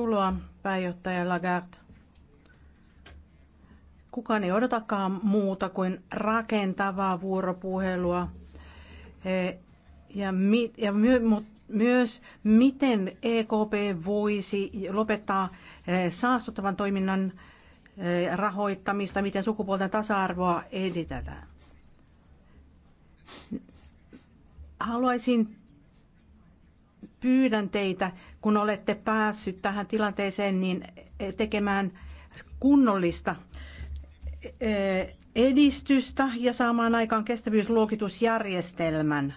Tervetuloa pääjohtaja Lagarde. Kukaan ei odotakaan muuta kuin rakentavaa vuoropuhelua ja, mi, ja my, mut, myös miten EKP voisi lopettaa eh, saastuttavan toiminnan eh, rahoittamista, miten sukupuolten tasa-arvoa edistetään. Haluaisin pyydän teitä kun olette päässyt tähän tilanteeseen, niin eh, tekemään kunnollista eh, edistystä ja saamaan aikaan kestävyysluokitusjärjestelmän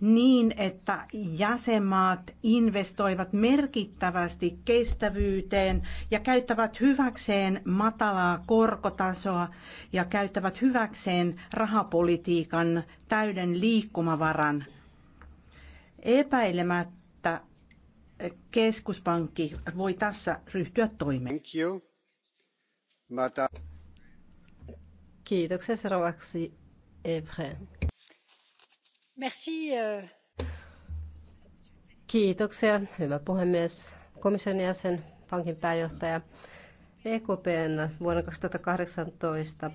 niin, että jäsenmaat investoivat merkittävästi kestävyyteen ja käyttävät hyväkseen matalaa korkotasoa ja käyttävät hyväkseen rahapolitiikan täyden liikkumavaran. Epäilemättä keskuspankki voi tässä ryhtyä toimeen. Thank you. Mata. Kiitoksia seuraavaksi Evren. Merci. Äh. Kiitoksia, hyvä puhemies, komission jäsen, pankin pääjohtaja. EKPn vuonna 2018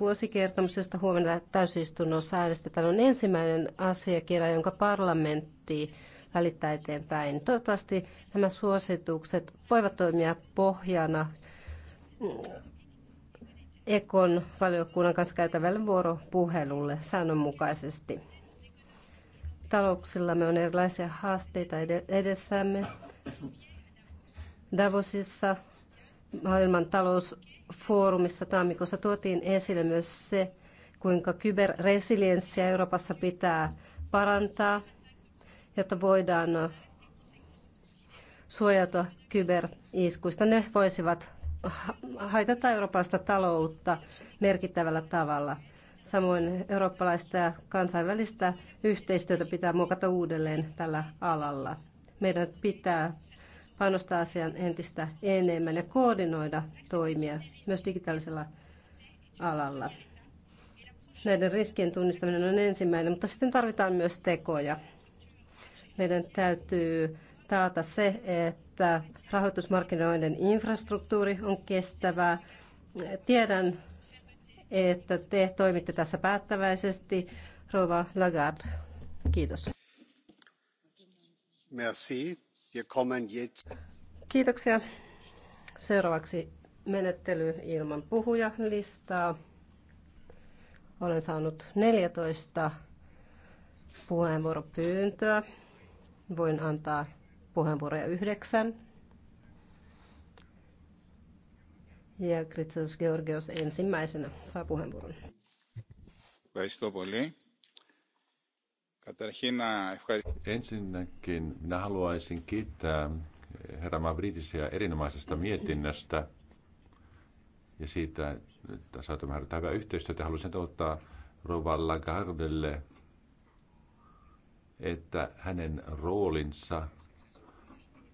vuosikertomus, josta huomenna täysistunnossa äänestetään, on ensimmäinen asiakirja, jonka parlamentti välittää eteenpäin. Toivottavasti nämä suositukset voivat toimia pohjana Ekon valiokunnan kanssa käytävälle vuoropuhelulle säännönmukaisesti. Talouksillamme on erilaisia haasteita edessämme. Davosissa maailman talousfoorumissa tammikuussa tuotiin esille myös se, kuinka kyberresilienssiä Euroopassa pitää parantaa jotta voidaan suojata kyberiskuista. Ne voisivat haitata eurooppalaista taloutta merkittävällä tavalla. Samoin eurooppalaista ja kansainvälistä yhteistyötä pitää muokata uudelleen tällä alalla. Meidän pitää panostaa asian entistä enemmän ja koordinoida toimia myös digitaalisella alalla. Näiden riskien tunnistaminen on ensimmäinen, mutta sitten tarvitaan myös tekoja. Meidän täytyy taata se, että rahoitusmarkkinoiden infrastruktuuri on kestävää. Tiedän, että te toimitte tässä päättäväisesti. Rova Lagarde, kiitos. Merci. Wir kommen jetzt. Kiitoksia. Seuraavaksi menettely ilman puhujalistaa. Olen saanut 14 puheenvuoropyyntöä voin antaa puheenvuoroja yhdeksän. Ja Kritsos Georgios ensimmäisenä saa puheenvuoron. Ensinnäkin minä haluaisin kiittää herra Mavridisia erinomaisesta mietinnöstä ja siitä, että saatamme harjoittaa hyvää yhteistyötä. Haluaisin ottaa Rovalla Gardelle että hänen roolinsa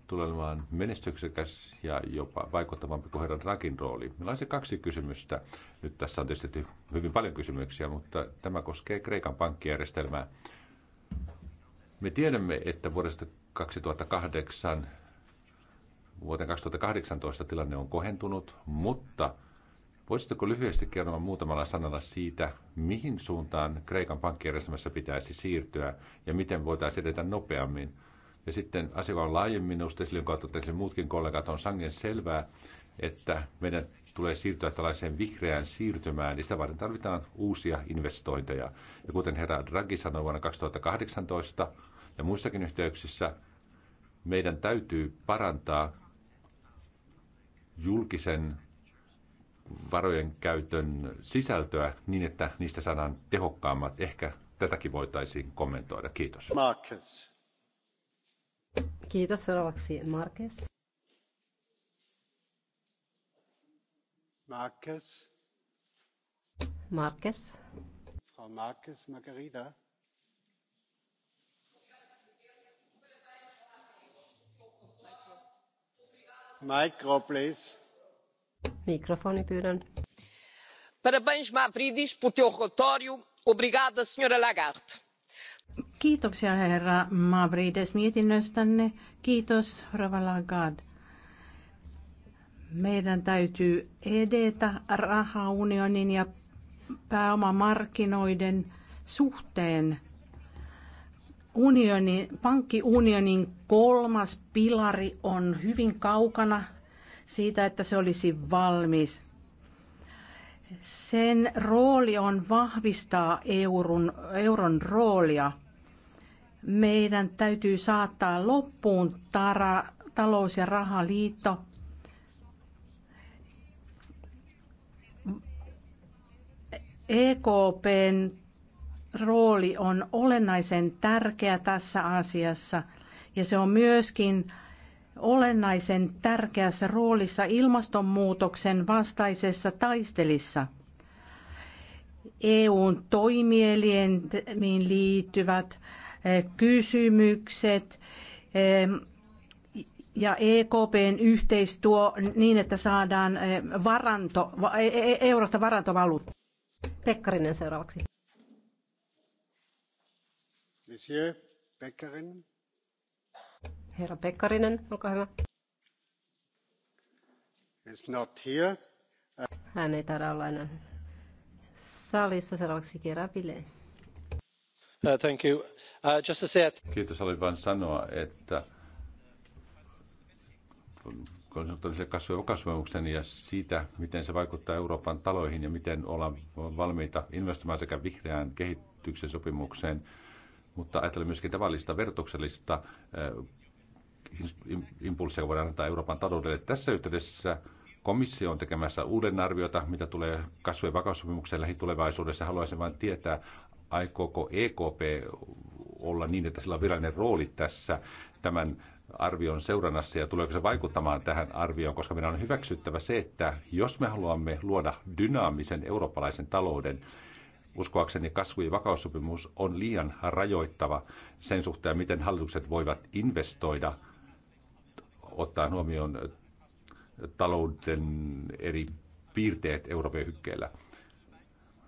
tulee olemaan menestyksekäs ja jopa vaikuttavampi kuin herran rakin rooli. Meillä on se kaksi kysymystä. Nyt tässä on tietysti hyvin paljon kysymyksiä, mutta tämä koskee Kreikan pankkijärjestelmää. Me tiedämme, että vuodesta 2008 vuoteen 2018 tilanne on kohentunut, mutta – Voisitteko lyhyesti kertoa muutamalla sanalla siitä, mihin suuntaan Kreikan pankkijärjestelmässä pitäisi siirtyä ja miten voitaisiin edetä nopeammin? Ja sitten asia on laajemmin noussut kautta jonka muutkin kollegat, on sangen selvää, että meidän tulee siirtyä tällaiseen vihreään siirtymään, niin sitä varten tarvitaan uusia investointeja. Ja kuten herra Draghi sanoi vuonna 2018 ja muissakin yhteyksissä, meidän täytyy parantaa julkisen varojen käytön sisältöä niin, että niistä saadaan tehokkaammat. Ehkä tätäkin voitaisiin kommentoida. Kiitos. Marcus. Kiitos. Seuraavaksi Marques. Marques. Marques. Frau Marques Margarida. Micro, please. Mikrofoni pyydän. Parabéns, Mavridis, Obrigada, senhora Lagarde. Kiitoksia, herra Mavrides, mietinnöstänne. Kiitos, Rova Lagarde. Meidän täytyy edetä rahaunionin ja pääomamarkkinoiden suhteen unionin, pankkiunionin kolmas pilari on hyvin kaukana siitä, että se olisi valmis. Sen rooli on vahvistaa euron, euron roolia. Meidän täytyy saattaa loppuun tara, talous- ja rahaliitto. EKPn rooli on olennaisen tärkeä tässä asiassa ja se on myöskin olennaisen tärkeässä roolissa ilmastonmuutoksen vastaisessa taistelissa. EUn toimielimiin liittyvät eh, kysymykset eh, ja EKPn yhteistyö niin, että saadaan eh, varanto, e, e, eurosta varantovaluutta. Pekkarinen seuraavaksi. Monsieur Pekkarinen. Herra Pekkarinen, olkaa hyvä. It's not here. Hän ei taida olla enää salissa. Seuraavaksi kerää Pile. Uh, thank you. Uh, just to say that... Kiitos, Haluan vain sanoa, että konsultaalisen kasvavuksen ja siitä, miten se vaikuttaa Euroopan taloihin ja miten ollaan valmiita investoimaan sekä vihreään kehityksen sopimukseen, mutta ajattelen myöskin tavallista vertuksellista uh, impulssia voidaan antaa Euroopan taloudelle. Tässä yhteydessä komissio on tekemässä uuden arviota, mitä tulee kasvu- ja vakaussopimukseen lähitulevaisuudessa. Haluaisin vain tietää, aikooko EKP olla niin, että sillä on virallinen rooli tässä tämän arvion seurannassa ja tuleeko se vaikuttamaan tähän arvioon, koska meidän on hyväksyttävä se, että jos me haluamme luoda dynaamisen eurooppalaisen talouden, uskoakseni kasvu- ja vakaussopimus on liian rajoittava sen suhteen, miten hallitukset voivat investoida – ottaa huomioon talouden eri piirteet Euroopan hykkeellä.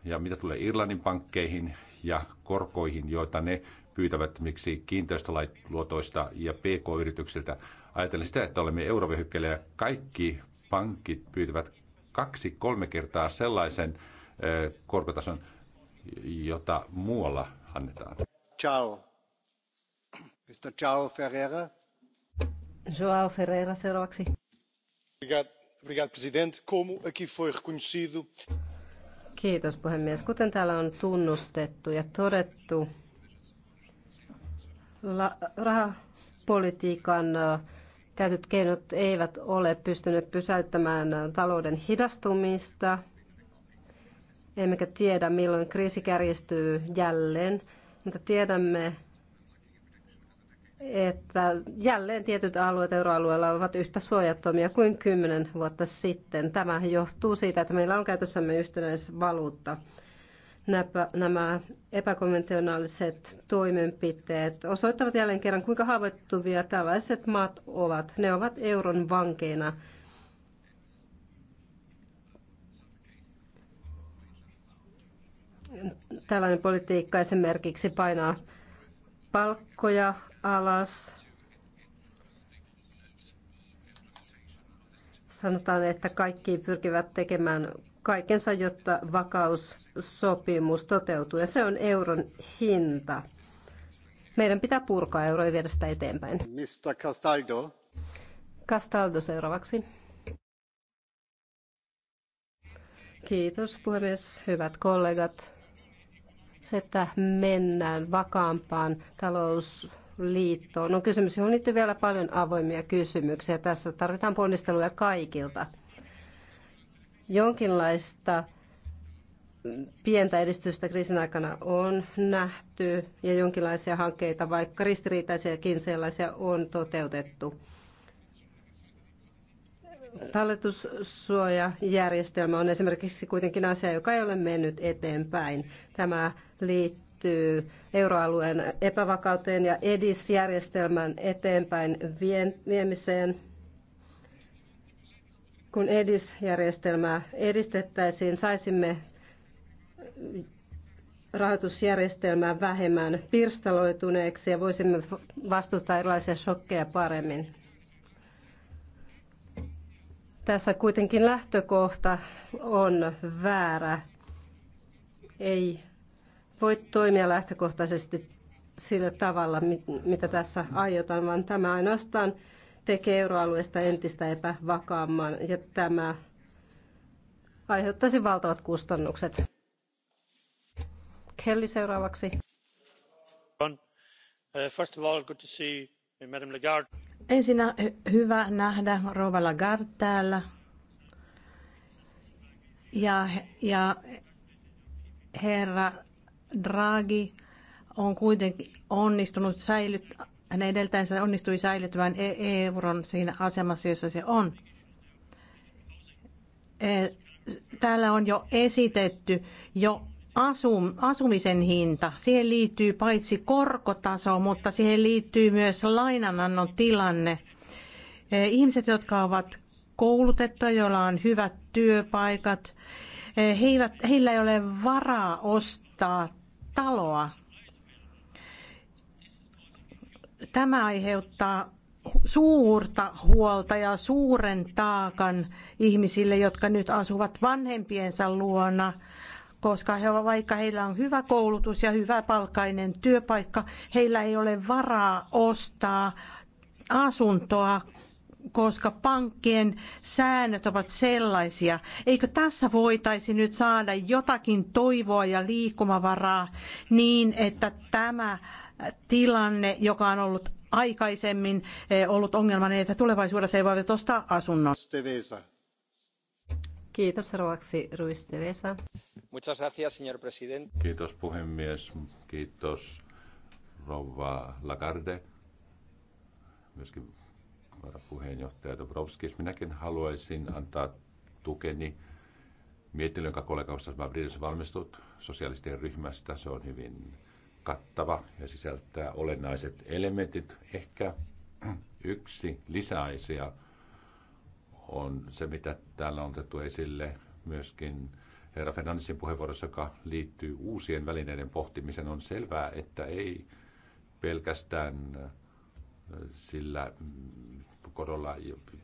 Ja mitä tulee Irlannin pankkeihin ja korkoihin, joita ne pyytävät miksi kiinteistöluotoista ja PK-yrityksiltä. Ajatellen sitä, että olemme eurovyöhykkeellä ja kaikki pankit pyytävät kaksi-kolme kertaa sellaisen korkotason, jota muualla annetaan. Ciao. Mr. Ciao Ferreira. João Ferreira seuraavaksi. Kiitos puhemies. Kuten täällä on tunnustettu ja todettu, rahapolitiikan käytetyt keinot eivät ole pystyneet pysäyttämään talouden hidastumista, emmekä tiedä milloin kriisi kärjistyy jälleen, mutta tiedämme, että jälleen tietyt alueet euroalueella ovat yhtä suojattomia kuin kymmenen vuotta sitten. Tämä johtuu siitä, että meillä on käytössämme yhtenäisvaluutta. Nämä epäkonventionaaliset toimenpiteet osoittavat jälleen kerran, kuinka haavoittuvia tällaiset maat ovat. Ne ovat euron vankeina. Tällainen politiikka esimerkiksi painaa palkkoja alas. Sanotaan, että kaikki pyrkivät tekemään kaikensa, jotta vakaussopimus toteutuu. Ja se on euron hinta. Meidän pitää purkaa euro ja viedä sitä eteenpäin. Mr. Castaldo. Castaldo seuraavaksi. Kiitos puhemies, hyvät kollegat. Se, että mennään vakaampaan talous liittoon on kysymys, johon liittyy vielä paljon avoimia kysymyksiä. Tässä tarvitaan ponnisteluja kaikilta. Jonkinlaista pientä edistystä kriisin aikana on nähty ja jonkinlaisia hankkeita, vaikka ristiriitaisiakin sellaisia on toteutettu. Talletussuojajärjestelmä on esimerkiksi kuitenkin asia, joka ei ole mennyt eteenpäin. Tämä liittyy liittyy euroalueen epävakauteen ja EDIS-järjestelmän eteenpäin viemiseen. Kun EDIS-järjestelmää edistettäisiin, saisimme rahoitusjärjestelmää vähemmän pirstaloituneeksi ja voisimme vastustaa erilaisia shokkeja paremmin. Tässä kuitenkin lähtökohta on väärä. Ei voi toimia lähtökohtaisesti sillä tavalla, mitä tässä aiotaan, vaan tämä ainoastaan tekee euroalueesta entistä epävakaamman ja tämä aiheuttaisi valtavat kustannukset. Kelly seuraavaksi. First of all, good to see Madame Lagarde. Ensin hyvä nähdä Rova Lagarde täällä. Ja, ja herra Draghi on kuitenkin onnistunut säilyt, hän edeltäensä onnistui säilyttämään e-, euron siinä asemassa, jossa se on. E, täällä on jo esitetty jo asum, asumisen hinta. Siihen liittyy paitsi korkotaso, mutta siihen liittyy myös lainanannon tilanne. E, ihmiset, jotka ovat koulutettuja, joilla on hyvät työpaikat, he eivät, heillä ei ole varaa ostaa muuttaa taloa. Tämä aiheuttaa suurta huolta ja suuren taakan ihmisille, jotka nyt asuvat vanhempiensa luona, koska he, vaikka heillä on hyvä koulutus ja hyvä palkkainen työpaikka, heillä ei ole varaa ostaa asuntoa, koska pankkien säännöt ovat sellaisia. Eikö tässä voitaisi nyt saada jotakin toivoa ja liikkumavaraa niin, että tämä tilanne, joka on ollut aikaisemmin eh, ollut ongelma, niin että tulevaisuudessa ei voi ostaa asunnon. Kiitos ruoksi Ruiz Tevesa. Muchas gracias, señor presidente. Kiitos puhemies. Kiitos rouva Lagarde. Myöskin varapuheenjohtaja Dobrovskis. Minäkin haluaisin antaa tukeni mietinnön, jonka kollega Ossas valmistut sosiaalisten ryhmästä. Se on hyvin kattava ja sisältää olennaiset elementit. Ehkä yksi lisäaisia on se, mitä täällä on otettu esille myöskin herra Fernandesin puheenvuorossa, joka liittyy uusien välineiden pohtimiseen. On selvää, että ei pelkästään sillä mm, korolla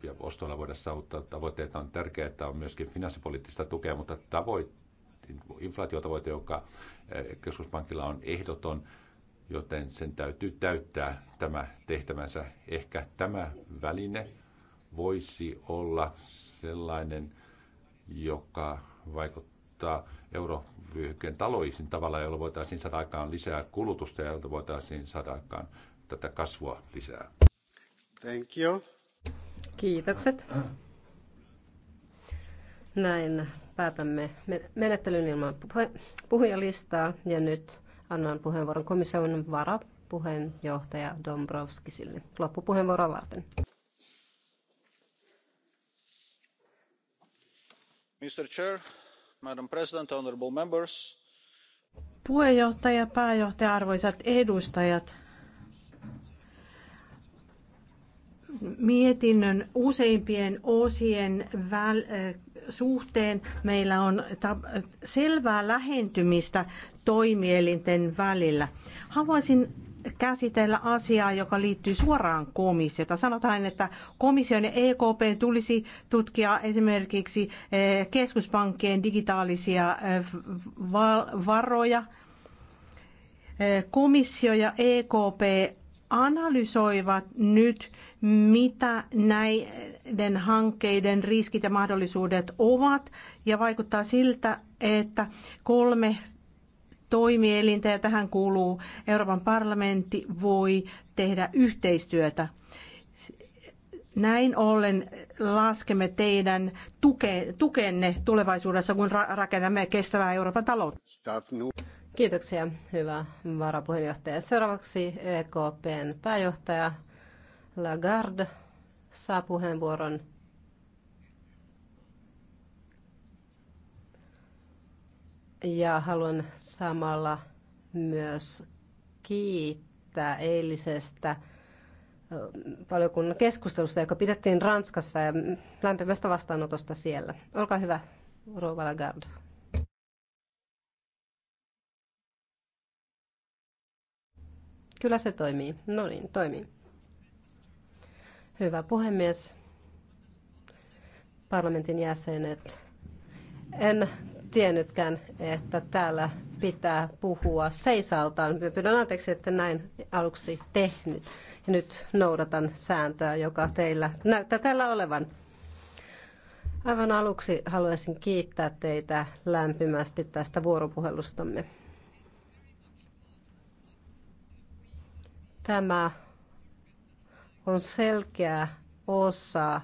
ja ostolla voida saavuttaa tavoitteita. On tärkeää, että on myöskin finanssipoliittista tukea, mutta tavoitteet inflaatiotavoite, joka eh, keskuspankilla on ehdoton, joten sen täytyy täyttää tämä tehtävänsä. Ehkä tämä väline voisi olla sellainen, joka vaikuttaa eurovyöhykkeen taloihin tavalla, jolla voitaisiin saada aikaan lisää kulutusta ja jolta voitaisiin saada aikaan tätä kasvua lisää. Thank you. Kiitokset. Näin päätämme menettelyn ilman puhujalistaa ja nyt annan puheenvuoron komission varapuheenjohtaja Dombrovskisille loppupuheenvuoroa varten. Mr. Chair, Madam President, honorable members. Puheenjohtaja, pääjohtaja, arvoisat edustajat. mietinnön useimpien osien väl, suhteen meillä on selvää lähentymistä toimielinten välillä. Haluaisin käsitellä asiaa, joka liittyy suoraan komissiota. Sanotaan, että komission ja EKP tulisi tutkia esimerkiksi keskuspankkien digitaalisia varoja. Komissio ja EKP analysoivat nyt mitä näiden hankkeiden riskit ja mahdollisuudet ovat. Ja vaikuttaa siltä, että kolme toimielintä, ja tähän kuuluu Euroopan parlamentti, voi tehdä yhteistyötä. Näin ollen laskemme teidän tuke, tukenne tulevaisuudessa, kun ra- rakennamme kestävää Euroopan taloutta. Kiitoksia, hyvä varapuheenjohtaja. Seuraavaksi EKPn pääjohtaja Lagarde saa puheenvuoron. Ja haluan samalla myös kiittää eilisestä valiokunnan keskustelusta, joka pidettiin Ranskassa ja lämpimästä vastaanotosta siellä. Olkaa hyvä, Rouva Lagarde. Kyllä se toimii. No niin, toimii. Hyvä puhemies, parlamentin jäsenet. En tiennytkään, että täällä pitää puhua seisaltaan. Pyydän anteeksi, että näin aluksi tehnyt. Ja nyt noudatan sääntöä, joka teillä näyttää täällä olevan. Aivan aluksi haluaisin kiittää teitä lämpimästi tästä vuoropuhelustamme. Tämä on selkeä osa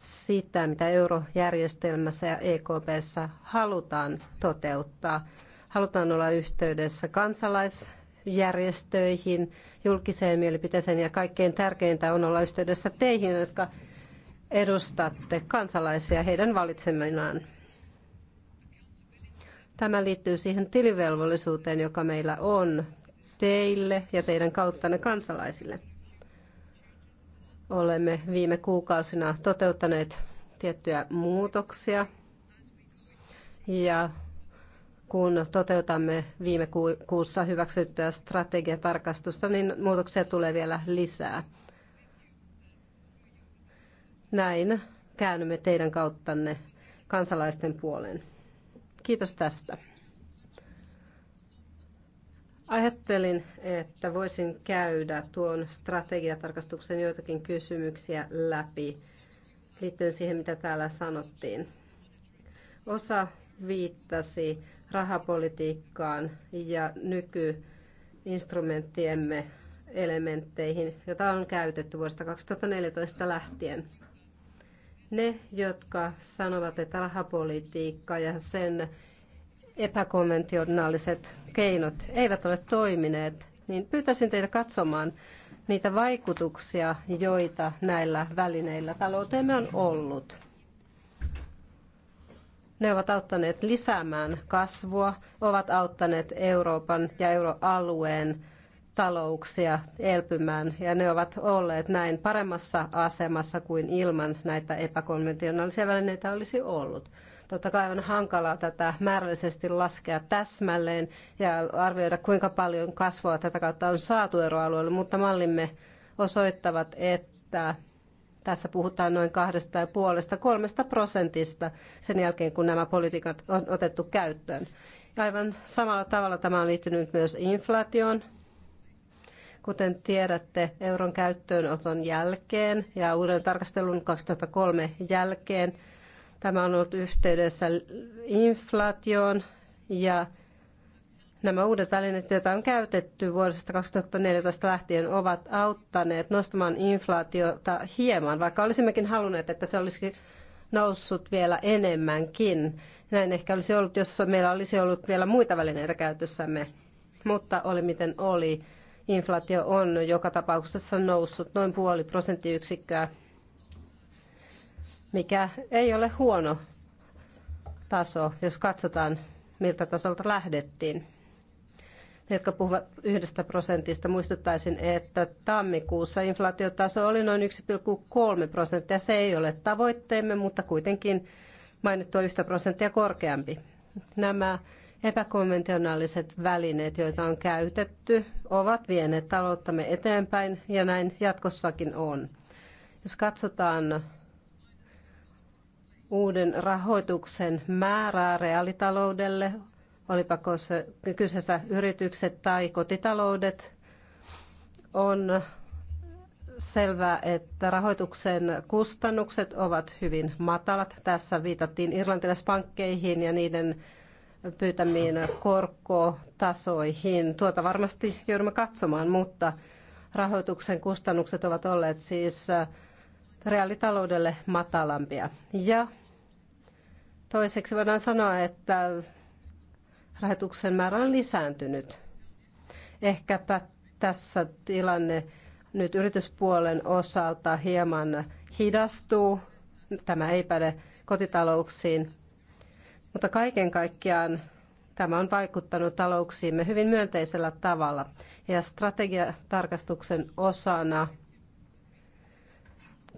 sitä, mitä eurojärjestelmässä ja EKPssä halutaan toteuttaa. Halutaan olla yhteydessä kansalaisjärjestöihin, julkiseen mielipiteeseen ja kaikkein tärkeintä on olla yhteydessä teihin, jotka edustatte kansalaisia heidän valitseminaan. Tämä liittyy siihen tilivelvollisuuteen, joka meillä on teille ja teidän kauttanne kansalaisille. Olemme viime kuukausina toteuttaneet tiettyjä muutoksia ja kun toteutamme viime kuussa hyväksyttyä strategiatarkastusta, niin muutoksia tulee vielä lisää. Näin käännymme teidän kauttanne kansalaisten puoleen. Kiitos tästä. Ajattelin, että voisin käydä tuon strategiatarkastuksen joitakin kysymyksiä läpi liittyen siihen, mitä täällä sanottiin. Osa viittasi rahapolitiikkaan ja nykyinstrumenttiemme elementteihin, joita on käytetty vuodesta 2014 lähtien. Ne, jotka sanovat, että rahapolitiikka ja sen epäkonventionaaliset keinot eivät ole toimineet, niin pyytäisin teitä katsomaan niitä vaikutuksia, joita näillä välineillä talouteemme on ollut. Ne ovat auttaneet lisäämään kasvua, ovat auttaneet Euroopan ja euroalueen talouksia elpymään ja ne ovat olleet näin paremmassa asemassa kuin ilman näitä epäkonventionaalisia välineitä olisi ollut. Totta kai on hankalaa tätä määrällisesti laskea täsmälleen ja arvioida, kuinka paljon kasvua tätä kautta on saatu euroalueelle, mutta mallimme osoittavat, että tässä puhutaan noin kahdesta ja puolesta kolmesta prosentista sen jälkeen, kun nämä politiikat on otettu käyttöön. Ja aivan samalla tavalla tämä on liittynyt myös inflaatioon. Kuten tiedätte, euron käyttöönoton jälkeen ja uuden tarkastelun 2003 jälkeen Tämä on ollut yhteydessä inflaatioon ja nämä uudet välineet, joita on käytetty vuodesta 2014 lähtien, ovat auttaneet nostamaan inflaatiota hieman, vaikka olisimmekin halunneet, että se olisi noussut vielä enemmänkin. Näin ehkä olisi ollut, jos meillä olisi ollut vielä muita välineitä käytössämme. Mutta oli miten oli. Inflaatio on joka tapauksessa noussut noin puoli prosenttiyksikköä mikä ei ole huono taso, jos katsotaan, miltä tasolta lähdettiin. Ne, jotka puhuvat yhdestä prosentista, muistuttaisin, että tammikuussa inflaatiotaso oli noin 1,3 prosenttia. Se ei ole tavoitteemme, mutta kuitenkin mainittua yhtä prosenttia korkeampi. Nämä epäkonventionaaliset välineet, joita on käytetty, ovat vieneet talouttamme eteenpäin ja näin jatkossakin on. Jos katsotaan uuden rahoituksen määrää reaalitaloudelle, olipa kyseessä yritykset tai kotitaloudet, on selvää, että rahoituksen kustannukset ovat hyvin matalat. Tässä viitattiin irlantilaispankkeihin ja niiden pyytämiin korkotasoihin. Tuota varmasti joudumme katsomaan, mutta rahoituksen kustannukset ovat olleet siis reaalitaloudelle matalampia. Ja toiseksi voidaan sanoa, että rahoituksen määrä on lisääntynyt. Ehkäpä tässä tilanne nyt yrityspuolen osalta hieman hidastuu. Tämä ei päde kotitalouksiin, mutta kaiken kaikkiaan tämä on vaikuttanut talouksiimme hyvin myönteisellä tavalla. Ja strategiatarkastuksen osana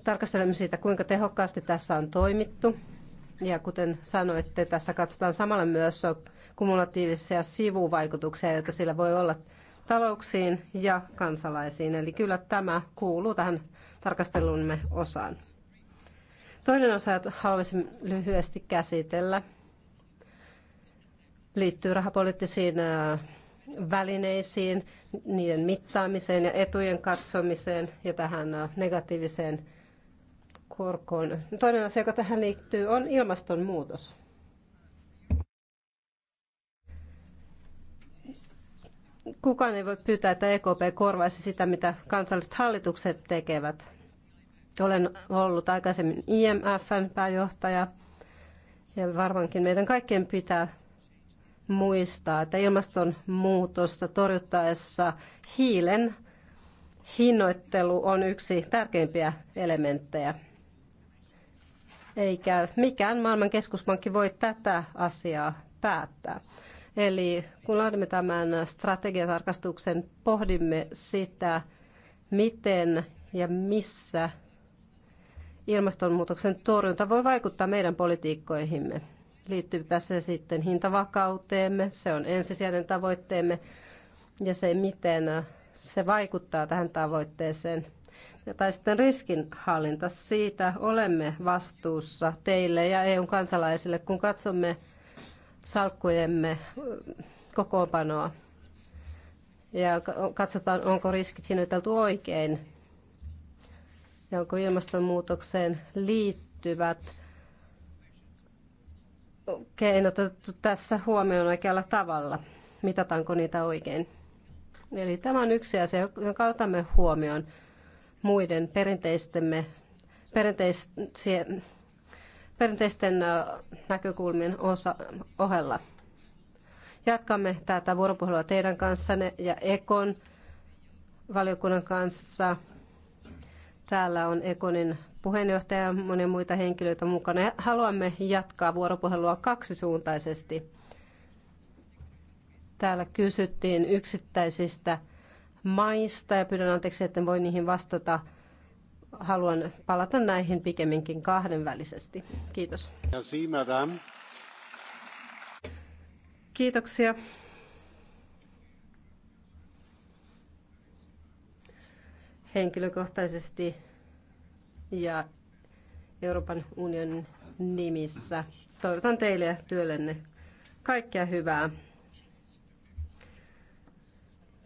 tarkastelemme siitä, kuinka tehokkaasti tässä on toimittu. Ja kuten sanoitte, tässä katsotaan samalla myös kumulatiivisia sivuvaikutuksia, joita sillä voi olla talouksiin ja kansalaisiin. Eli kyllä tämä kuuluu tähän tarkastelumme osaan. Toinen osa, jota haluaisin lyhyesti käsitellä, liittyy rahapoliittisiin välineisiin, niiden mittaamiseen ja etujen katsomiseen ja tähän negatiiviseen korkoon. Toinen asia, joka tähän liittyy, on ilmastonmuutos. Kukaan ei voi pyytää, että EKP korvaisi sitä, mitä kansalliset hallitukset tekevät. Olen ollut aikaisemmin IMFn pääjohtaja ja varmaankin meidän kaikkien pitää muistaa, että ilmastonmuutosta torjuttaessa hiilen hinnoittelu on yksi tärkeimpiä elementtejä eikä mikään maailman keskuspankki voi tätä asiaa päättää. Eli kun laadimme tämän strategiatarkastuksen, pohdimme sitä, miten ja missä ilmastonmuutoksen torjunta voi vaikuttaa meidän politiikkoihimme. Liittyypä se sitten hintavakauteemme, se on ensisijainen tavoitteemme, ja se, miten se vaikuttaa tähän tavoitteeseen tai sitten riskinhallinta. Siitä olemme vastuussa teille ja EUn kansalaisille, kun katsomme salkkujemme kokoonpanoa ja katsotaan, onko riskit hinnoiteltu oikein ja onko ilmastonmuutokseen liittyvät keinot otettu tässä huomioon oikealla tavalla. Mitataanko niitä oikein? Eli tämä on yksi asia, jonka otamme huomioon muiden perinteistemme, perinteis, perinteisten näkökulmien osa, ohella. Jatkamme tätä vuoropuhelua teidän kanssanne ja Ekon valiokunnan kanssa. Täällä on Ekonin puheenjohtaja ja monia muita henkilöitä mukana. Haluamme jatkaa vuoropuhelua kaksisuuntaisesti. Täällä kysyttiin yksittäisistä maista ja pyydän anteeksi, että voi niihin vastata. Haluan palata näihin pikemminkin kahdenvälisesti. Kiitos. Kiitoksia. Henkilökohtaisesti ja Euroopan unionin nimissä toivotan teille ja työllenne kaikkea hyvää.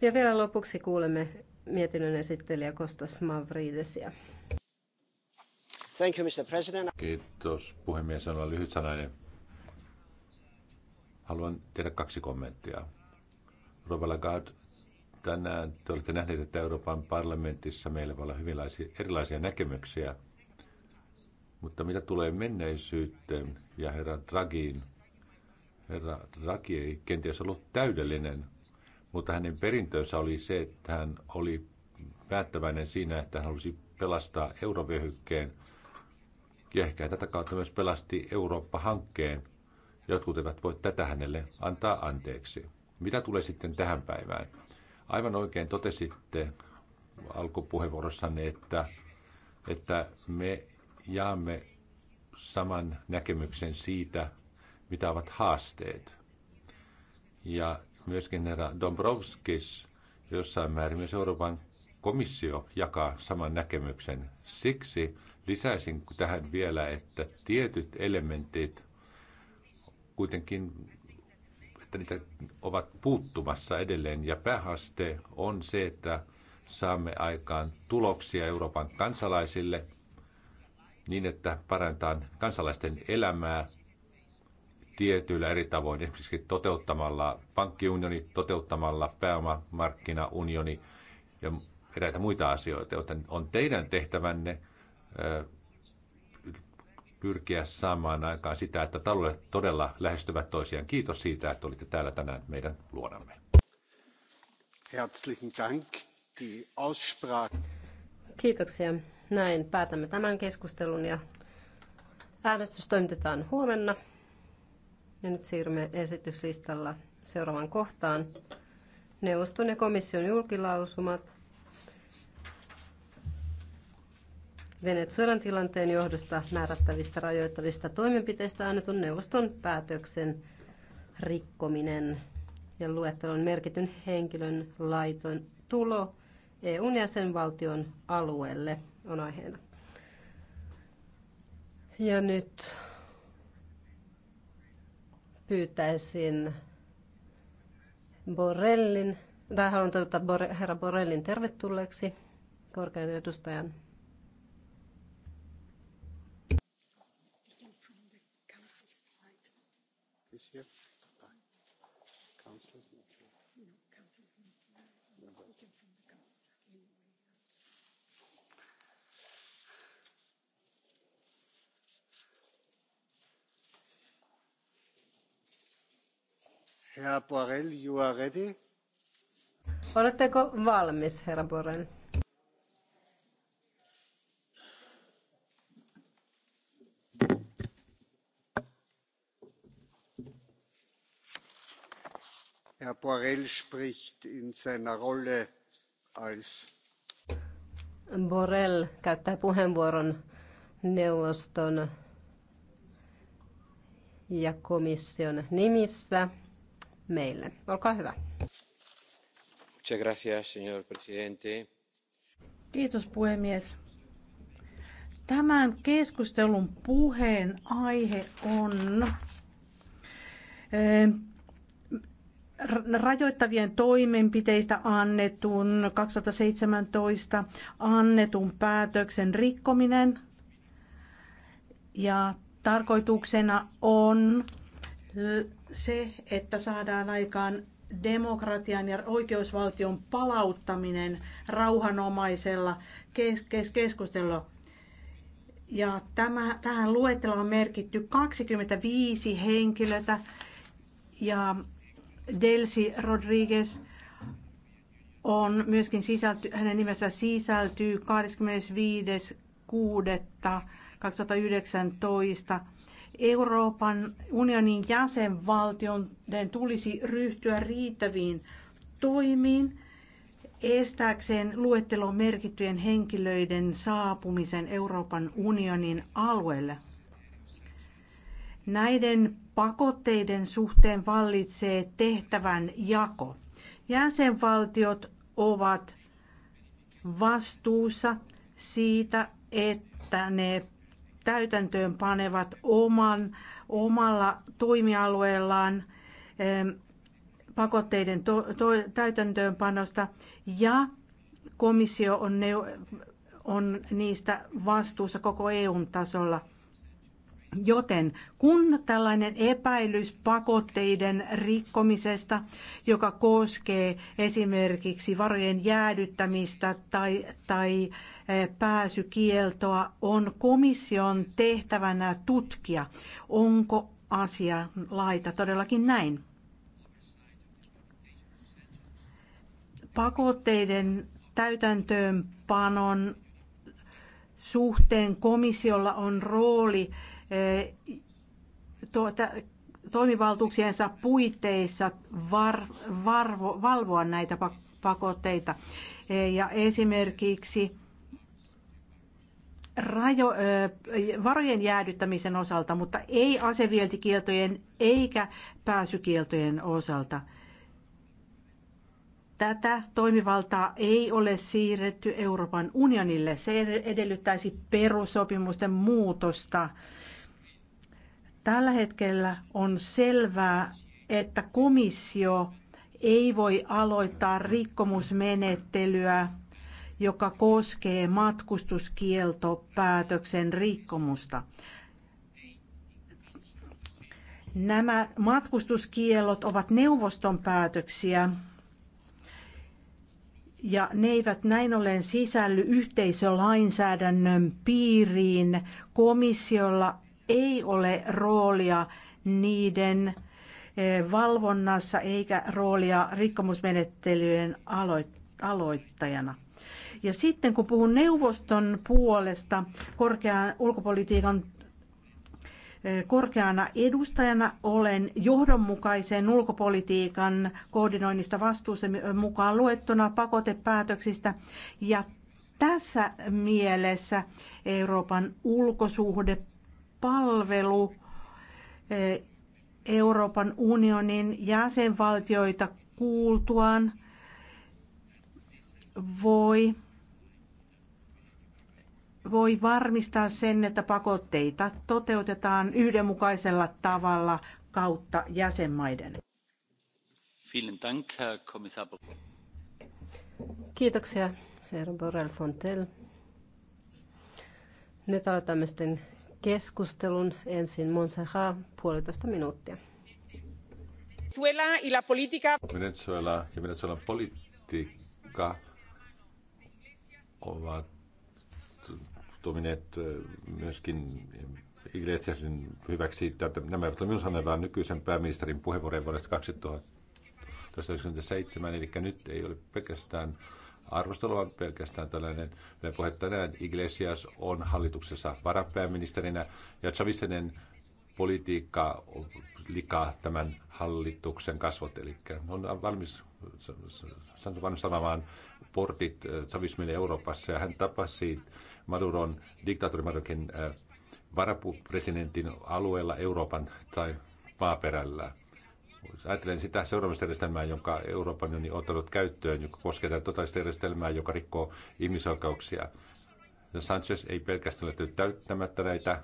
Ja vielä lopuksi kuulemme mietinnön esittelijä Kostas Mavridesia. Thank you, Mr. President. Kiitos puhemies, on lyhyt sanainen. Haluan tehdä kaksi kommenttia. Rova Lagarde, tänään te olette nähneet, että Euroopan parlamentissa meillä voi olla hyvin erilaisia näkemyksiä. Mutta mitä tulee menneisyyteen ja herra Dragiin, herra Draghi ei kenties ollut täydellinen, mutta hänen perintönsä oli se, että hän oli päättäväinen siinä, että hän halusi pelastaa eurovyöhykkeen ja ehkä tätä kautta myös pelasti Eurooppa-hankkeen. Jotkut eivät voi tätä hänelle antaa anteeksi. Mitä tulee sitten tähän päivään? Aivan oikein totesitte alkupuheenvuorossanne, että, että me jaamme saman näkemyksen siitä, mitä ovat haasteet. Ja Myöskin herra Dombrovskis jossain määrin myös Euroopan komissio jakaa saman näkemyksen. Siksi lisäisin tähän vielä, että tietyt elementit kuitenkin että niitä ovat puuttumassa edelleen. Ja päähaste on se, että saamme aikaan tuloksia Euroopan kansalaisille niin, että parantaan kansalaisten elämää tietyillä eri tavoin, esimerkiksi toteuttamalla pankkiunioni, toteuttamalla pääomamarkkinaunioni ja eräitä muita asioita, joten on teidän tehtävänne pyrkiä saamaan aikaan sitä, että taloudet todella lähestyvät toisiaan. Kiitos siitä, että olitte täällä tänään meidän luonamme. Herzlichen Dank. Die Aussprache. Kiitoksia. Näin päätämme tämän keskustelun ja äänestys toimitetaan huomenna. Ja nyt siirrymme esityslistalla seuraavaan kohtaan. Neuvoston ja komission julkilausumat Venezuelan tilanteen johdosta määrättävistä rajoittavista toimenpiteistä annetun neuvoston päätöksen rikkominen ja luettelon merkityn henkilön laiton tulo EUn jäsenvaltion alueelle on aiheena. Ja nyt pyytäisin Borrellin, tai haluan toivottaa herra Borrellin tervetulleeksi korkean edustajan. Is here. Herr Borrell, you are ready? Oletteko valmis, herra Borrell? herr borrell spricht in seiner rolle als Borrell käyttää puheenvuoron neuvoston ja komission nimissä meille. Olkaa hyvä. Kiitos puhemies. Tämän keskustelun puheen aihe on eh, rajoittavien toimenpiteistä annetun 2017 annetun päätöksen rikkominen. Ja tarkoituksena on se, että saadaan aikaan demokratian ja oikeusvaltion palauttaminen rauhanomaisella kes- kes- keskustelulla. Ja tämä, tähän luetteloon on merkitty 25 henkilötä ja Delsi Rodriguez on myöskin sisälty, hänen nimensä sisältyy 25.6.2019 Euroopan unionin jäsenvaltioiden tulisi ryhtyä riittäviin toimiin estääkseen luetteloon merkittyjen henkilöiden saapumisen Euroopan unionin alueelle. Näiden pakotteiden suhteen vallitsee tehtävän jako. Jäsenvaltiot ovat vastuussa siitä, että ne täytäntöön panevat oman, omalla toimialueellaan pakotteiden to, to, täytäntöönpanosta ja komissio on, ne, on niistä vastuussa koko EUn tasolla. Joten kun tällainen epäilys pakotteiden rikkomisesta, joka koskee esimerkiksi varojen jäädyttämistä tai, tai pääsykieltoa on komission tehtävänä tutkia, onko asia laita todellakin näin. Pakotteiden täytäntöönpanon suhteen komissiolla on rooli tuota, toimivaltuuksiensa puitteissa var, varvo, valvoa näitä pakotteita. Ja esimerkiksi rajo, varojen jäädyttämisen osalta, mutta ei asevientikieltojen eikä pääsykieltojen osalta. Tätä toimivaltaa ei ole siirretty Euroopan unionille. Se edellyttäisi perussopimusten muutosta. Tällä hetkellä on selvää, että komissio ei voi aloittaa rikkomusmenettelyä joka koskee matkustuskieltopäätöksen rikkomusta. Nämä matkustuskielot ovat neuvoston päätöksiä ja ne eivät näin ollen sisälly yhteisölainsäädännön piiriin. Komissiolla ei ole roolia niiden eh, valvonnassa eikä roolia rikkomusmenettelyjen aloittajana. Ja sitten kun puhun neuvoston puolesta korkean ulkopolitiikan eh, korkeana edustajana olen johdonmukaisen ulkopolitiikan koordinoinnista vastuussa mukaan luettuna pakotepäätöksistä ja tässä mielessä Euroopan ulkosuhdepalvelu eh, Euroopan unionin jäsenvaltioita kuultuaan voi voi varmistaa sen, että pakotteita toteutetaan yhdenmukaisella tavalla kautta jäsenmaiden. Kiitoksia, herra Borrell Fontel. Nyt aloitamme sitten keskustelun. Ensin Monserrat, puolitoista minuuttia. Venezuela y la política. Venezuela ja Venezuelan politiikka ovat tapahtumineet myöskin Iglesiasin hyväksi, että nämä eivät ole minun sanoja, vaan nykyisen pääministerin puheenvuoron vuodesta 2007, eli nyt ei ole pelkästään arvostelu, vaan pelkästään tällainen puhe tänään. Iglesias on hallituksessa varapääministerinä ja Chavistinen politiikka likaa tämän hallituksen kasvot, eli on valmis sanotaan sanomaan portit Chavismille Euroopassa ja hän tapasi Maduron diktaattorimadonkin äh, varapresidentin alueella Euroopan tai maaperällä. Ajattelen sitä seuraamista järjestelmää, jonka Euroopan unioni on ottanut käyttöön, joka koskee tätä järjestelmää, joka rikkoo ihmisoikeuksia. Sanchez ei pelkästään ole täyttämättä näitä,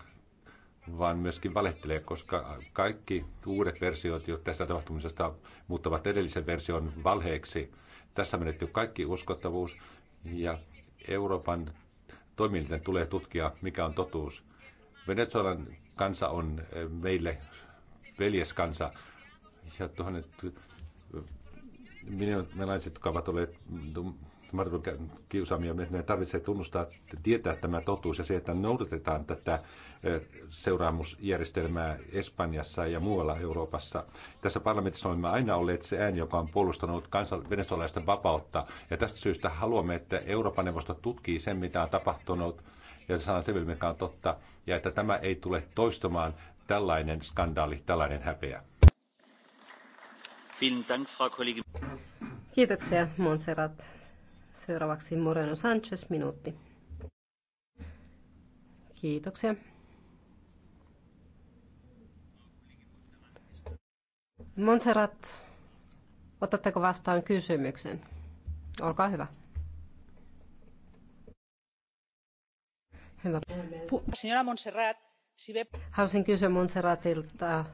vaan myöskin valehtelee, koska kaikki uudet versiot jo tästä tapahtumisesta muuttavat edellisen version valheeksi. Tässä menetty kaikki uskottavuus ja Euroopan toimielinten tulee tutkia, mikä on totuus. Venezuelan kansa on eh, meille veljeskansa ja tuhannet minä, me naiset, jotka ovat olleet kiusaamia. Meidän tarvitsee tunnustaa, tietää tämä totuus ja se, että noudatetaan tätä seuraamusjärjestelmää Espanjassa ja muualla Euroopassa. Tässä parlamentissa olemme aina olleet se ääni, joka on puolustanut kansan, venezuelalaisten vapautta. Ja tästä syystä haluamme, että Euroopan neuvosto tutkii sen, mitä on tapahtunut ja sanan selville, mikä on totta, ja että tämä ei tule toistumaan tällainen skandaali, tällainen häpeä. Kiitoksia, monserrat. Seuraavaksi Moreno Sanchez, minuutti. Kiitoksia. Montserrat, otatteko vastaan kysymyksen? Olkaa hyvä. Hyvä. Señora Montserrat, si ve... Haluaisin kysyä Montserratilta,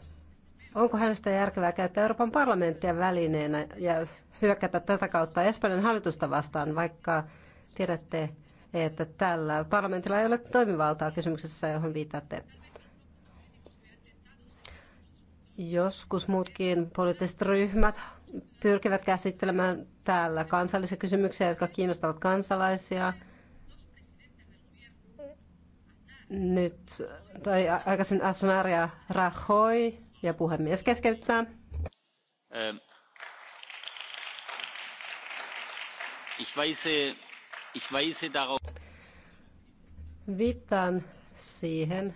onko hänestä järkevää käyttää Euroopan parlamenttia välineenä ja hyökätä tätä kautta Espanjan hallitusta vastaan, vaikka tiedätte, että tällä parlamentilla ei ole toimivaltaa kysymyksessä, johon viitatte. Joskus muutkin poliittiset ryhmät pyrkivät käsittelemään täällä kansallisia kysymyksiä, jotka kiinnostavat kansalaisia. Nyt, tai aikaisemmin Asunaria Rahoi ja puhemies keskeyttää. Ähm, Viittaan siihen,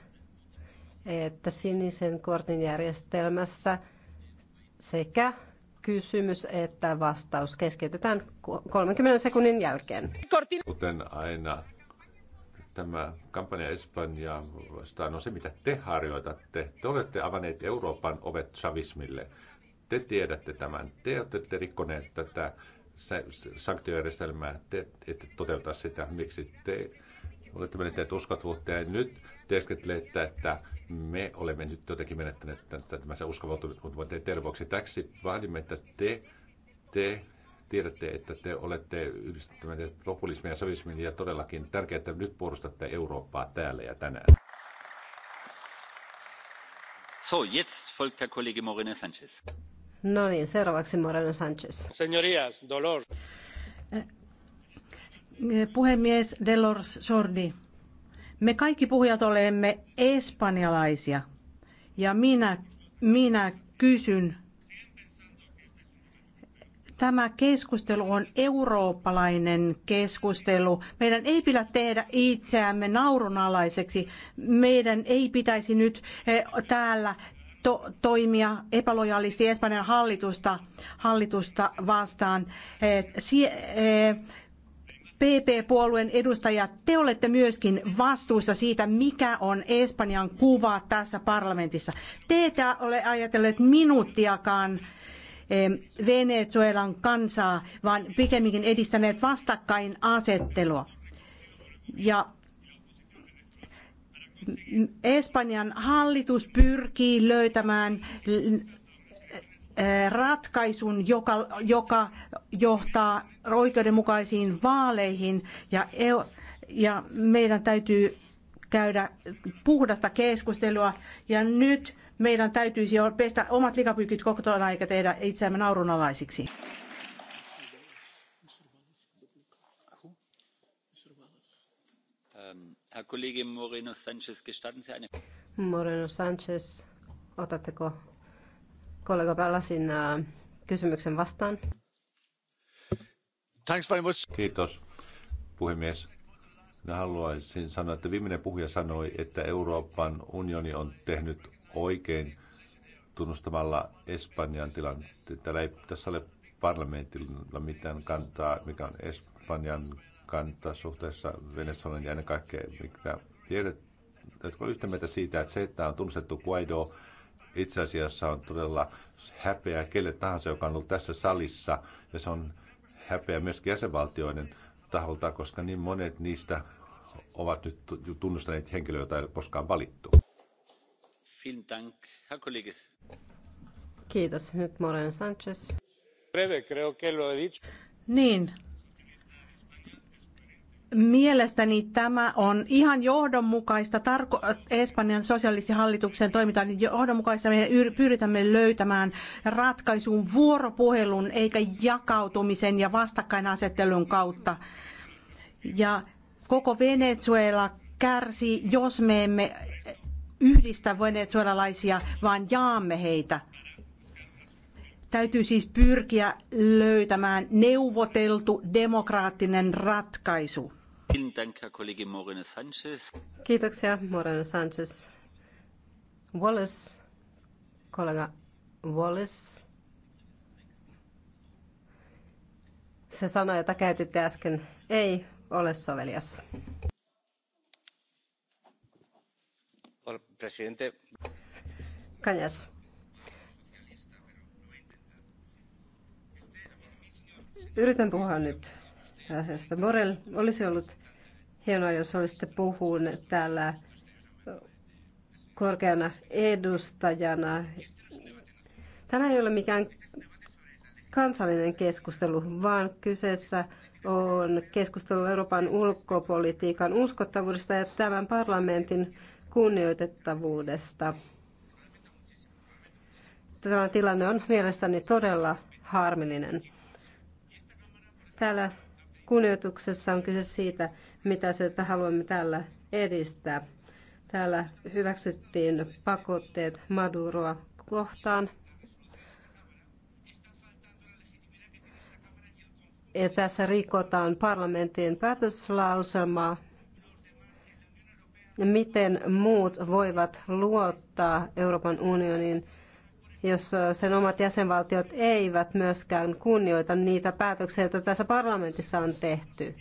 että sinisen kortin järjestelmässä sekä kysymys että vastaus keskeytetään 30 sekunnin jälkeen. Kuten aina, tämä kampanja Espanja vastaan on se, mitä te harjoitatte. Te olette avanneet Euroopan ovet chavismille. Te tiedätte tämän. Te olette rikkoneet tätä sanktiojärjestelmää, te ette toteuttaa sitä. Miksi te olette menettäneet uskottavuutta ja nyt teeskentelette, että me olemme nyt jotenkin menettäneet tämän uskottavuuden tervoksi. Täksi vaadimme, että te, te tiedätte, että te olette yhdistäneet populismin ja sovismin ja todellakin tärkeää, että nyt puolustatte Eurooppaa täällä ja tänään. So, jetzt folgt der Kollege Morine Sanchez. No niin, seuraavaksi Moreno Sanchez. Señorías, dolor. Eh, puhemies Delors Sordi, me kaikki puhujat olemme espanjalaisia ja minä, minä kysyn, tämä keskustelu on eurooppalainen keskustelu. Meidän ei pidä tehdä itseämme naurunalaiseksi. Meidän ei pitäisi nyt eh, täällä to, toimia epälojaalisti Espanjan hallitusta, hallitusta vastaan. Eh, eh, PP-puolueen edustajat, te olette myöskin vastuussa siitä, mikä on Espanjan kuva tässä parlamentissa. Te ette ole ajatelleet minuuttiakaan eh, Venezuelan kansaa, vaan pikemminkin edistäneet vastakkainasettelua. Ja Espanjan hallitus pyrkii löytämään eh, ratkaisun, joka, joka johtaa oikeudenmukaisiin vaaleihin ja, ja meidän täytyy käydä puhdasta keskustelua ja nyt meidän täytyisi pestä omat likapyykit kokonaan eikä tehdä itseämme naurunalaisiksi. herr kollege moreno sanchez gestatten sie eine moreno sanchez otatteko kollega Pallasin äh, kysymyksen vastaan Thanks very much. Kiitos, puhemies. Minä haluaisin sanoa, että viimeinen puhuja sanoi, että Euroopan unioni on tehnyt oikein tunnustamalla Espanjan tilanteen. Tällä ei tässä ole parlamentilla mitään kantaa, mikä on Espanjan Kantaa suhteessa Venezuelan ja ennen kaikkea, mitä tiedät, jotka on yhtä mieltä siitä, että se, että on tunnustettu Guaido, itse asiassa on todella häpeä kelle tahansa, joka on ollut tässä salissa, ja se on häpeä myöskin jäsenvaltioiden taholta, koska niin monet niistä ovat nyt tunnustaneet henkilöitä, joita ei ole koskaan valittu. Kiitos. Nyt Moreno Sanchez. Niin, Mielestäni tämä on ihan johdonmukaista, tarko- Espanjan sosialistihallituksen toiminta on johdonmukaista. Me pyritämme löytämään ratkaisun vuoropuhelun eikä jakautumisen ja vastakkainasettelun kautta. Ja koko Venezuela kärsii, jos me emme yhdistä venezuelalaisia, vaan jaamme heitä. Täytyy siis pyrkiä löytämään neuvoteltu demokraattinen ratkaisu. Kiitoksia, Moreno Sanchez. Wallace, kollega Wallace. Se sana, jota käytitte äsken, ei ole sovelias. Presidente. Cañas Yritän puhua nyt asiasta. Morel, olisi ollut hienoa, jos olisitte puhunut täällä korkeana edustajana. Tämä ei ole mikään kansallinen keskustelu, vaan kyseessä on keskustelu Euroopan ulkopolitiikan uskottavuudesta ja tämän parlamentin kunnioitettavuudesta. Tämä tilanne on mielestäni todella harmillinen. Täällä kunnioituksessa on kyse siitä, mitä syötä haluamme tällä edistää. Täällä hyväksyttiin pakotteet Maduroa kohtaan. Ja tässä rikotaan parlamentin päätöslauselmaa, miten muut voivat luottaa Euroopan unionin jos sen omat jäsenvaltiot eivät myöskään kunnioita niitä päätöksiä, joita tässä parlamentissa on tehty.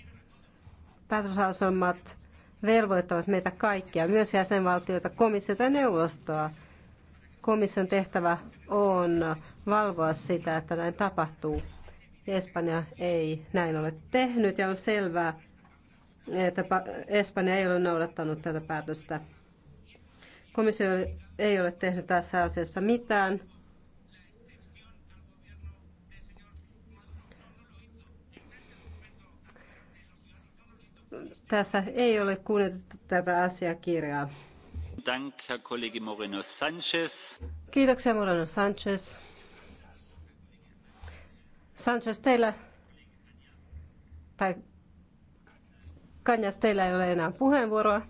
Päätösauselmat velvoittavat meitä kaikkia, myös jäsenvaltioita, komissiota ja neuvostoa. Komission tehtävä on valvoa sitä, että näin tapahtuu. Espanja ei näin ole tehnyt ja on selvää, että Espanja ei ole noudattanut tätä päätöstä. Komissio ei ole tehnyt tässä asiassa mitään. Tässä ei ole kunnioitettu tätä asiakirjaa. Dank, Herr Kollege Moreno Sanchez. Kiitoksia Moreno Sanchez. Sanchez, teillä tai Kanjas, teillä ei ole enää puheenvuoroa.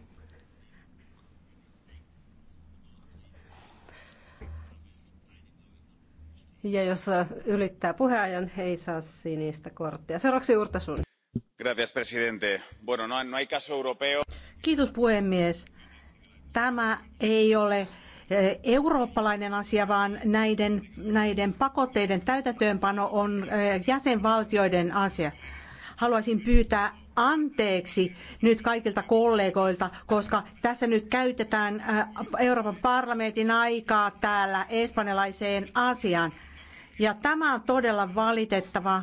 Ja jos ylittää puheajan, ei saa sinistä korttia. Seuraavaksi Urta sun. Gracias, presidente. Bueno, no, no hay caso europeo. Kiitos puhemies. Tämä ei ole eh, eurooppalainen asia, vaan näiden, näiden pakotteiden täytäntöönpano on eh, jäsenvaltioiden asia. Haluaisin pyytää anteeksi nyt kaikilta kollegoilta, koska tässä nyt käytetään eh, Euroopan parlamentin aikaa täällä espanjalaiseen asiaan. Ja tämä on todella valitettava.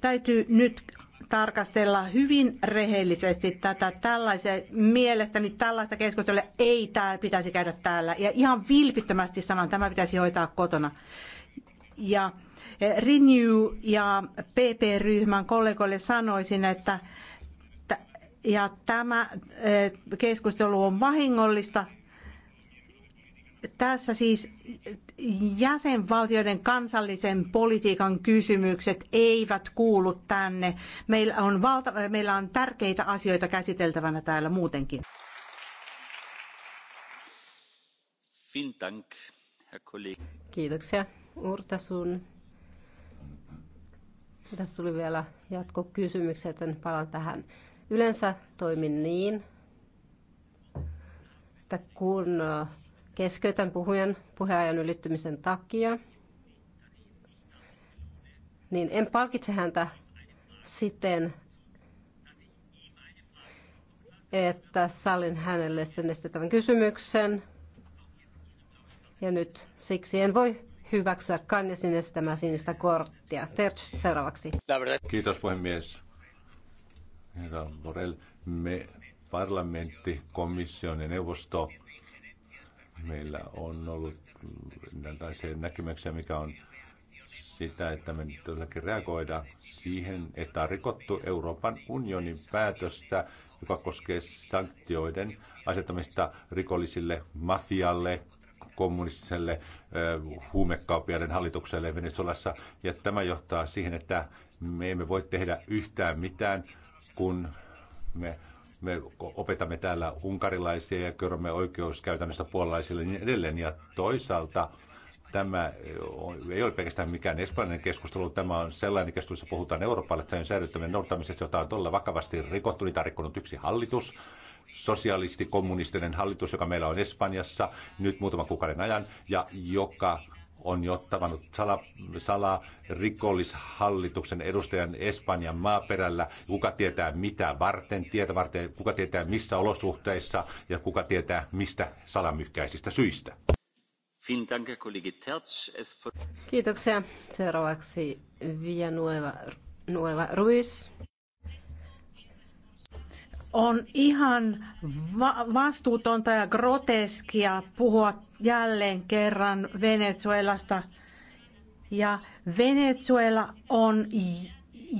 Täytyy nyt tarkastella hyvin rehellisesti tätä. Tällaisen, mielestäni tällaista keskustelua ei tää pitäisi käydä täällä. Ja ihan vilpittömästi sanon, tämä pitäisi hoitaa kotona. Ja eh, Renew ja PP-ryhmän kollegoille sanoisin, että ja tämä eh, keskustelu on vahingollista tässä siis jäsenvaltioiden kansallisen politiikan kysymykset eivät kuulu tänne. Meillä on, valta, meillä on tärkeitä asioita käsiteltävänä täällä muutenkin. Kiitoksia Urta sun. Tässä tuli vielä jatkokysymyksiä, joten palaan tähän. Yleensä toimin niin, että kun Keskeytän puhujan puheajan ylittymisen takia. Niin en palkitse häntä siten, että sallin hänelle sen estettävän kysymyksen. Ja nyt siksi en voi hyväksyä Kannesin esittämää sinistä korttia. Terch, seuraavaksi. Kiitos puhemies. Herra me parlamentti, komissio, ja neuvosto Meillä on ollut tällaisia näkemyksiä, mikä on sitä, että me todellakin reagoidaan siihen, että on rikottu Euroopan unionin päätöstä, joka koskee sanktioiden asettamista rikollisille, mafialle, kommunistiselle huumekaupiaiden hallitukselle Venezuelassa. Ja tämä johtaa siihen, että me emme voi tehdä yhtään mitään, kun me me opetamme täällä unkarilaisia ja kerromme oikeuskäytännöstä puolalaisille niin edelleen. Ja toisaalta tämä ei ole pelkästään mikään espanjalainen keskustelu, tämä on sellainen keskustelu, jossa puhutaan eurooppalaisten säilyttäminen noudattamisesta, jota on todella vakavasti rikottu. Niitä on rikkonut yksi hallitus, sosialisti-kommunistinen hallitus, joka meillä on Espanjassa nyt muutaman kuukauden ajan, ja joka on jo tavannut sala, sala rikollishallituksen edustajan Espanjan maaperällä. Kuka tietää mitä varten, tietä varten, kuka tietää missä olosuhteissa ja kuka tietää mistä salamyhkäisistä syistä. Kiitoksia. Seuraavaksi Via Nueva, Nueva Ruiz on ihan va- vastuutonta ja groteskia puhua jälleen kerran Venezuelasta. Ja Venezuela on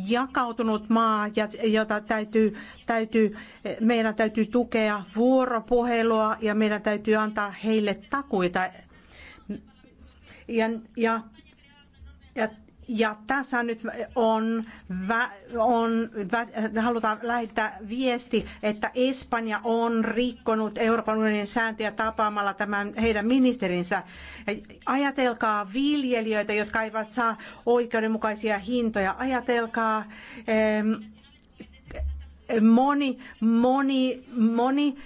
jakautunut maa, jota täytyy, täytyy, meidän täytyy tukea vuoropuhelua ja meidän täytyy antaa heille takuita. Ja, ja, ja ja tässä nyt on, on, halutaan lähettää viesti, että Espanja on rikkonut Euroopan unionin sääntöjä tapaamalla tämän heidän ministerinsä. Ajatelkaa viljelijöitä, jotka eivät saa oikeudenmukaisia hintoja. Ajatelkaa moni, moni, moni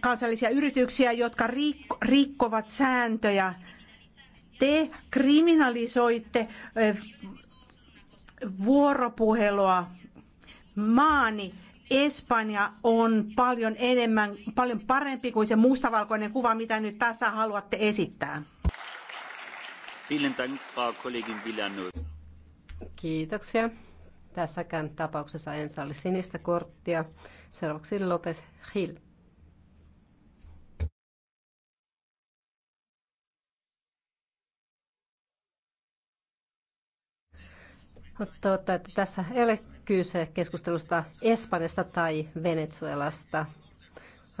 kansallisia yrityksiä, jotka rikkovat sääntöjä te kriminalisoitte vuoropuhelua maani Espanja on paljon enemmän, paljon parempi kuin se mustavalkoinen kuva, mitä nyt tässä haluatte esittää. Kiitoksia. Tässäkään tapauksessa en salli sinistä korttia. Seuraavaksi Lopez Hill. totta, että tässä ei ole kyse keskustelusta Espanjasta tai Venezuelasta.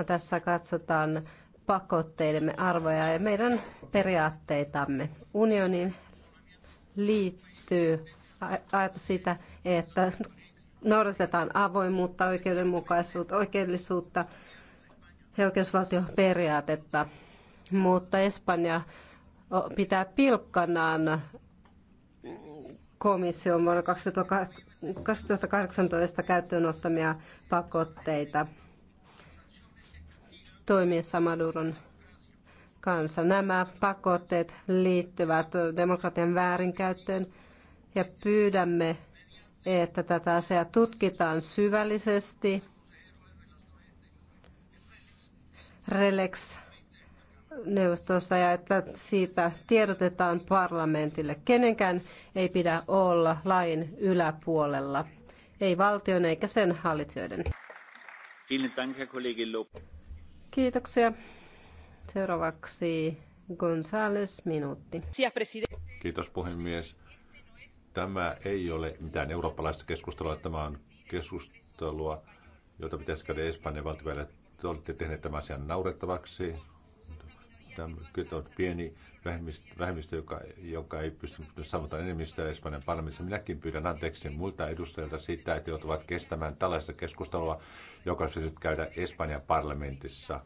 Tässä katsotaan pakotteidemme arvoja ja meidän periaatteitamme. Unionin liittyy ajatus siitä, että noudatetaan avoimuutta, oikeudenmukaisuutta, oikeellisuutta ja oikeusvaltioperiaatetta. Mutta Espanja pitää pilkkanaan komission vuonna 2018 käyttöön ottamia pakotteita toimiessa Maduron kanssa. Nämä pakotteet liittyvät demokratian väärinkäyttöön ja pyydämme, että tätä asiaa tutkitaan syvällisesti. Relex neuvostossa ja että siitä tiedotetaan parlamentille. Kenenkään ei pidä olla lain yläpuolella, ei valtion eikä sen hallitsijoiden. Kiitoksia. Seuraavaksi González minuutti. Kiitos puhemies. Tämä ei ole mitään eurooppalaista keskustelua, tämä on keskustelua, jota pitäisi käydä Espanjan valtiopäivillä. Te olette tehneet tämän asian naurettavaksi, Tämä on pieni vähemmistö, joka, joka ei pysty saavuttamaan enemmistöä Espanjan parlamentissa. Minäkin pyydän anteeksi muilta edustajilta sitä, että joutuvat kestämään tällaista keskustelua, joka se nyt käydä Espanjan parlamentissa.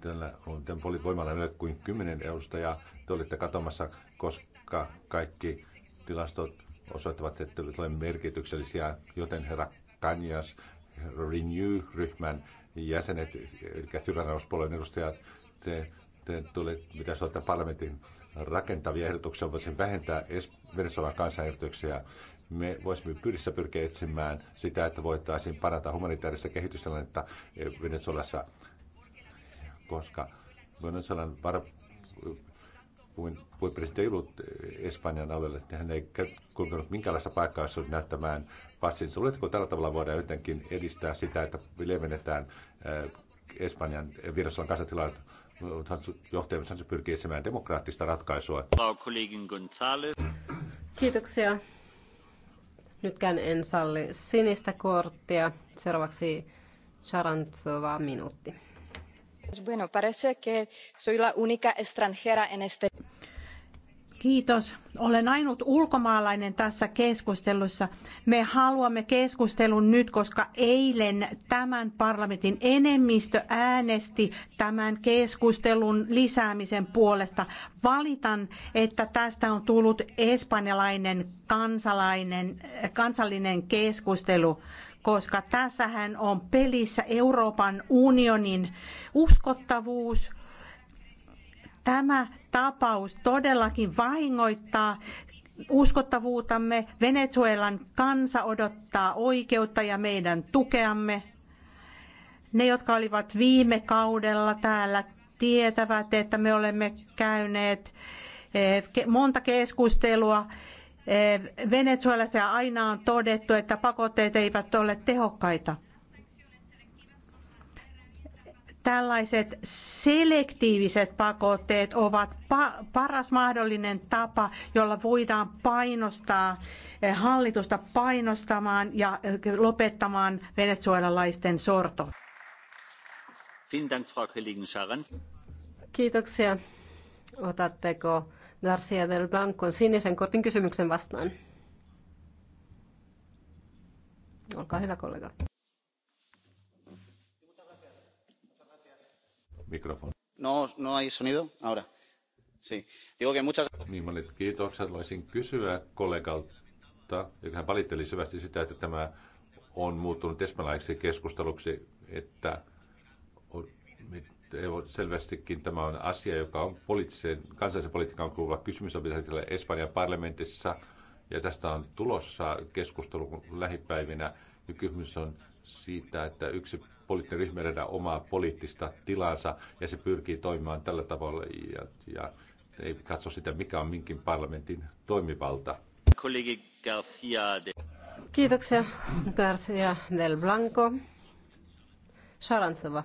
Tällä on tämän voimalla ei kuin kymmenen edustajaa. Te olitte katsomassa, koska kaikki tilastot osoittavat, että olemme merkityksellisiä, joten herra Kanjas Renew-ryhmän jäsenet, eli tyrannauspuolueen edustajat, te, te tuli, mitä sanoitte, parlamentin rakentavia ehdotuksia voisin vähentää Venezuelan kansanehdotuksia. Me voisimme pyrissä pyrkiä etsimään sitä, että voitaisiin parantaa humanitaarista kehitystilannetta eh, Venezuelassa, koska Venezuelan var- kuin presidentti ei ollut eh, Espanjan alueelle, että hän ei kulkenut minkäänlaista paikkaa, jos olisi näyttämään passin. oletko tällä tavalla voidaan jotenkin edistää sitä, että levennetään eh, Espanjan virassalan kansatilaan, johtaja Sansu pyrkii etsimään demokraattista ratkaisua. Kiitoksia. Nytkään en salli sinistä korttia. Seuraavaksi Charantsova minuutti. Bueno, parece que soy la única extranjera en este... Kiitos. Olen ainut ulkomaalainen tässä keskustelussa. Me haluamme keskustelun nyt, koska eilen tämän parlamentin enemmistö äänesti tämän keskustelun lisäämisen puolesta. Valitan, että tästä on tullut espanjalainen kansalainen, kansallinen keskustelu koska tässähän on pelissä Euroopan unionin uskottavuus, Tämä tapaus todellakin vahingoittaa uskottavuutamme. Venezuelan kansa odottaa oikeutta ja meidän tukeamme. Ne, jotka olivat viime kaudella täällä, tietävät, että me olemme käyneet eh, monta keskustelua eh, Venezuelassa ja aina on todettu, että pakotteet eivät ole tehokkaita. Tällaiset selektiiviset pakotteet ovat pa- paras mahdollinen tapa, jolla voidaan painostaa eh, hallitusta painostamaan ja eh, lopettamaan venezuelalaisten sorto. Kiitoksia. Otatteko Garcia del Blancon sinisen kortin kysymyksen vastaan? Olkaa hyvä kollega. mikrofon. No, kiitokset. Voisin kysyä kollegalta, joka hän valitteli syvästi sitä, että tämä on muuttunut espanjalaiseksi keskusteluksi, että selvästikin tämä on asia, joka on poliittisen, kansallisen politiikan kuuluva kysymys on pitänyt Espanjan parlamentissa, ja tästä on tulossa keskustelu lähipäivinä. kysymys on siitä, että yksi poliittinen ryhmä löydä omaa poliittista tilansa ja se pyrkii toimimaan tällä tavalla ja, ja ei katso sitä, mikä on minkin parlamentin toimivalta. Kollegi Garcia Kiitoksia Garcia del Blanco. Sarantsova.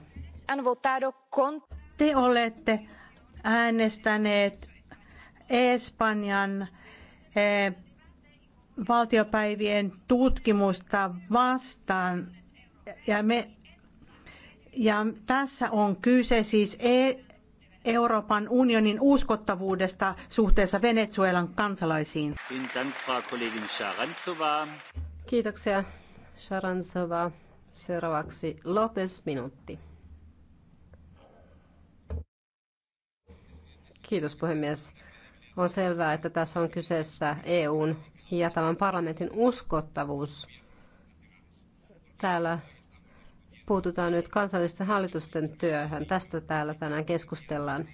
Te olette äänestäneet Espanjan eh, valtiopäivien tutkimusta vastaan ja me ja tässä on kyse siis e- Euroopan unionin uskottavuudesta suhteessa Venezuelan kansalaisiin. Kiitoksia, Sharantsova. Seuraavaksi Lopes minuutti. Kiitos puhemies. On selvää, että tässä on kyseessä EUn ja tämän parlamentin uskottavuus. Täällä puututaan nyt kansallisten hallitusten työhön. Tästä täällä tänään keskustellaan.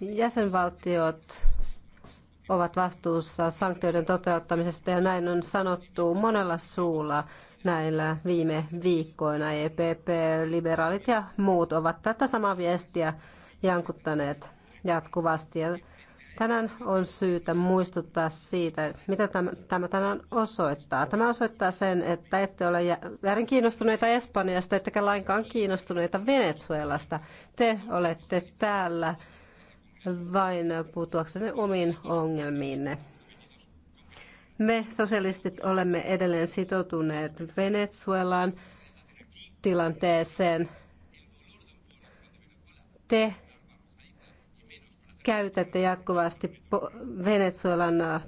Jäsenvaltiot ovat vastuussa sanktioiden toteuttamisesta ja näin on sanottu monella suulla näillä viime viikkoina. EPP, liberaalit ja muut ovat tätä samaa viestiä jankuttaneet jatkuvasti. Ja Tänään on syytä muistuttaa siitä, mitä tämä, tämä tänään osoittaa. Tämä osoittaa sen, että ette ole väärin kiinnostuneita Espanjasta, ettekä lainkaan kiinnostuneita Venezuelasta. Te olette täällä vain puuttuaksenne omiin ongelmiinne. Me sosialistit olemme edelleen sitoutuneet Venezuelan tilanteeseen. Te käytätte jatkuvasti Venezuelan äh,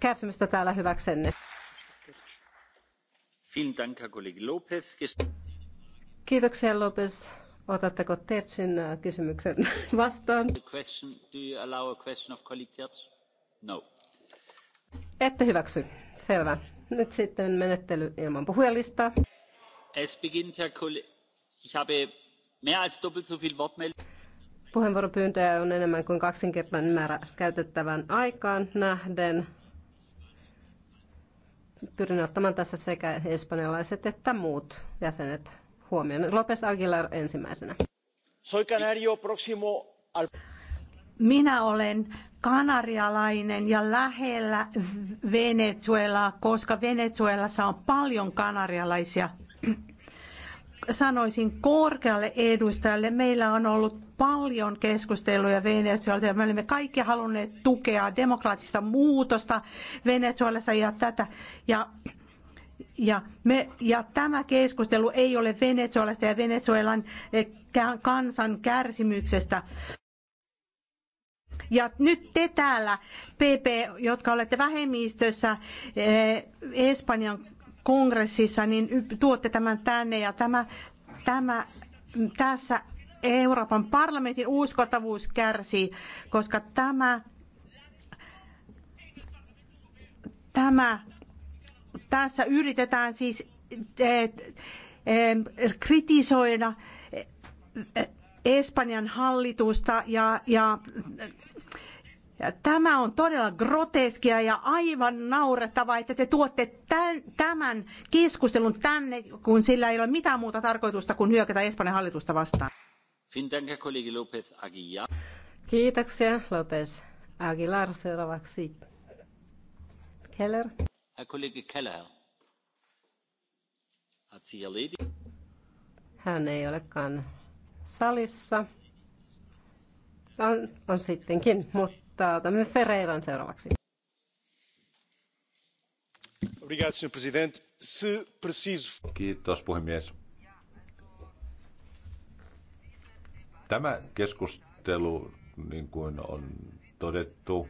kärsimystä täällä hyväksenne. Kiitoksia Lopez. Otatteko Tertsin äh, kysymyksen vastaan? No. Ette hyväksy. Selvä. Nyt sitten menettely ilman puhujalistaa. Es beginnt, Herr Kollege. Ich habe mehr als doppelt so viel Puheenvuoropyyntöjä on enemmän kuin kaksinkertainen määrä käytettävän aikaan nähden. Pyrin ottamaan tässä sekä espanjalaiset että muut jäsenet huomioon. Lopes Aguilar ensimmäisenä. Soy canario próximo al... Minä olen kanarialainen ja lähellä Venezuelaa, koska Venezuelassa on paljon kanarialaisia sanoisin korkealle edustajalle. Meillä on ollut paljon keskusteluja Venezuelta ja me olemme kaikki halunneet tukea demokraattista muutosta Venezuelassa ja tätä. Ja ja, me, ja tämä keskustelu ei ole Venezuelasta ja Venezuelan eh, kansan kärsimyksestä. Ja nyt te täällä, PP, jotka olette vähemmistössä eh, Espanjan kongressissa, niin tuotte tämän tänne ja tämä, tämä tässä Euroopan parlamentin uskottavuus kärsii, koska tämä, tämä tässä yritetään siis eh, eh, kritisoida Espanjan hallitusta ja, ja, ja tämä on todella groteskia ja aivan naurettavaa, että te tuotte tämän keskustelun tänne, kun sillä ei ole mitään muuta tarkoitusta kuin hyökätä Espanjan hallitusta vastaan. Kiitoksia, Lopez Aguilar. Seuraavaksi Keller. Herr Keller. Hat sie erledigt? Hän ei olekaan salissa. On, sittenkin, mutta otamme Ferreiran seuraavaksi. Kiitos puhemies Tämä keskustelu, niin kuin on todettu,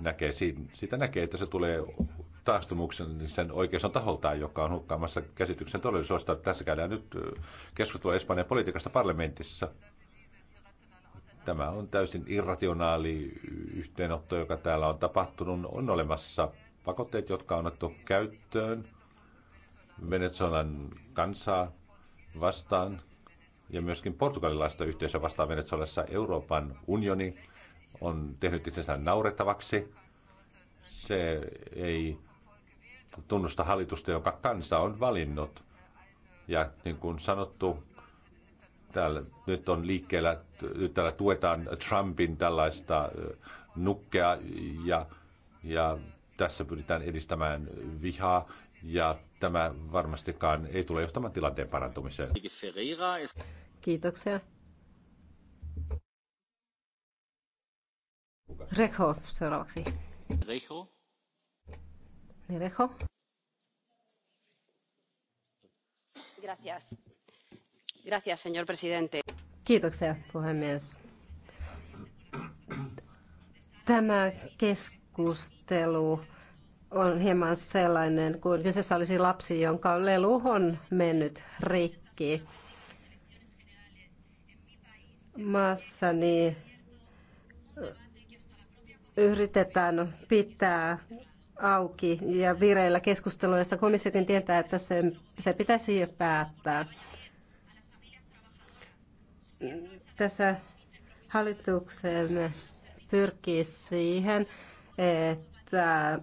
näkee, sitä näkee, että se tulee taastumuksen sen oikeiston taholtaan, joka on hukkaamassa käsityksen todellisuudesta. Tässä käydään nyt keskustelua Espanjan politiikasta parlamentissa. Tämä on täysin irrationaali yhteenotto, joka täällä on tapahtunut. On olemassa pakotteet, jotka on otettu käyttöön Venezuelan kansaa vastaan ja myöskin portugalilaista yhteisöä vastaan Venezuelassa Euroopan unioni on tehnyt itsensä naurettavaksi. Se ei tunnusta hallitusta, jonka kansa on valinnut. Ja niin kuin sanottu, täällä nyt on liikkeellä, nyt täällä tuetaan Trumpin tällaista nukkea ja, ja tässä pyritään edistämään vihaa ja tämä varmastikaan ei tule johtamaan tilanteen parantumiseen. Kiitoksia. Reho seuraavaksi. Reho. Niin Reho. Gracias. Gracias, señor presidente. Kiitoksia, puhemies. Tämä keskustelu on hieman sellainen, kuin kyseessä olisi lapsi, jonka lelu on mennyt rikki. Maassani yritetään pitää auki ja vireillä keskustelua, josta komissiokin tietää, että se, se pitäisi jo päättää. Tässä hallituksemme pyrkii siihen, että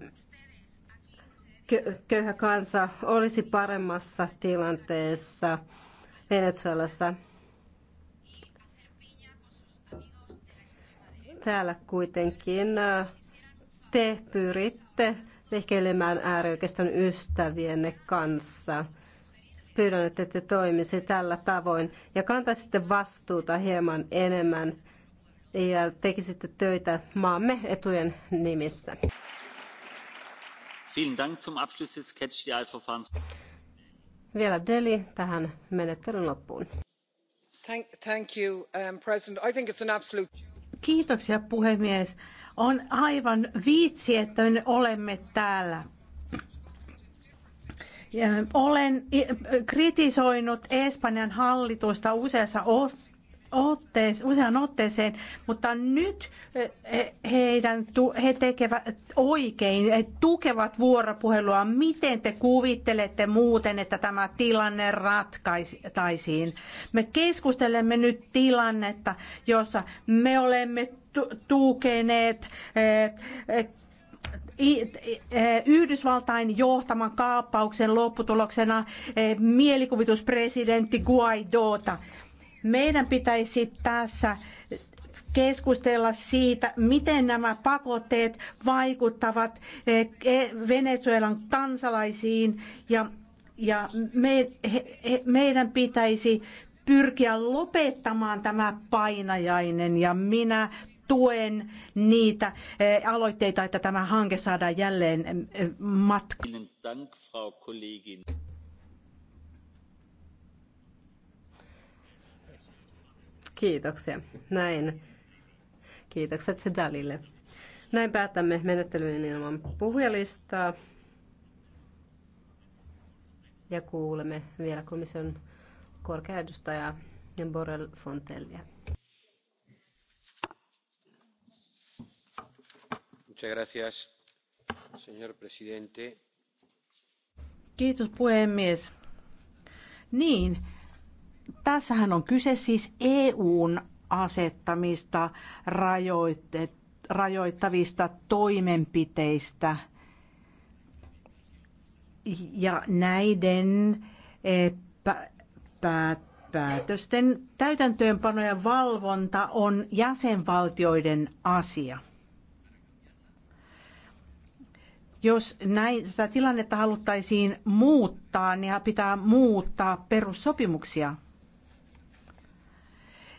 köyhä kansa olisi paremmassa tilanteessa Venezuelassa. Täällä kuitenkin äh, te pyritte vehkeilemään äärioikeiston ystävienne kanssa. Pyydän, että te toimisi tällä tavoin ja kantaisitte vastuuta hieman enemmän ja tekisitte töitä maamme etujen nimissä. Vielä Delhi, tähän menettelyn loppuun. Thank, you, um, President. I think it's an absolute... Kiitoksia puhemies. On aivan viitsi, että me olemme täällä. Olen kritisoinut Espanjan hallitusta useassa otteessa otteeseen, usean otteeseen, mutta nyt eh, eh, heidän, he tekevät oikein, he eh, tukevat vuoropuhelua. Miten te kuvittelette muuten, että tämä tilanne ratkaistaisiin? Me keskustelemme nyt tilannetta, jossa me olemme tukeneet Yhdysvaltain johtaman kaappauksen lopputuloksena mielikuvituspresidentti Guaidota. Meidän pitäisi tässä keskustella siitä, miten nämä pakotteet vaikuttavat eh, eh, Venezuelan kansalaisiin ja, ja me, he, he, meidän pitäisi pyrkiä lopettamaan tämä painajainen ja minä tuen niitä eh, aloitteita, että tämä hanke saadaan jälleen matkaan. Kiitoksia. Näin. Kiitokset Dalille. Näin päätämme menettelyyn ilman puhujalistaa. Ja kuulemme vielä komission korkea edustaja Borrell Fontellia. Kiitos puhemies. Niin, Tässähän on kyse siis EUn asettamista rajoittavista toimenpiteistä. Ja näiden eh, päätösten täytäntöönpano ja valvonta on jäsenvaltioiden asia. Jos näin, tätä tilannetta haluttaisiin muuttaa, niin pitää muuttaa perussopimuksia.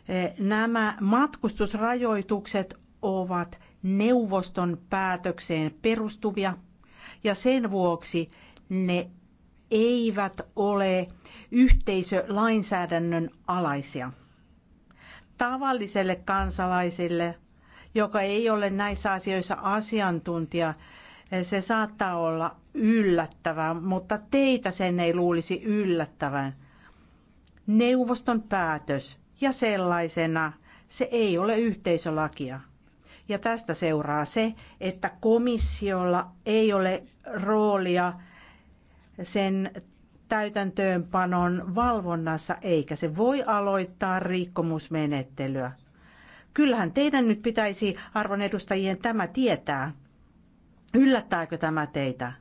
Eh, nämä matkustusrajoitukset ovat neuvoston päätökseen perustuvia ja sen vuoksi ne eivät ole yhteisölainsäädännön alaisia. Tavalliselle kansalaisille, joka ei ole näissä asioissa asiantuntija, eh, se saattaa olla yllättävää, mutta teitä sen ei luulisi yllättävän. Neuvoston päätös ja sellaisena se ei ole yhteisölakia. Ja tästä seuraa se, että komissiolla ei ole roolia sen täytäntöönpanon valvonnassa, eikä se voi aloittaa rikkomusmenettelyä. Kyllähän teidän nyt pitäisi, arvon edustajien, tämä tietää. Yllättääkö tämä teitä?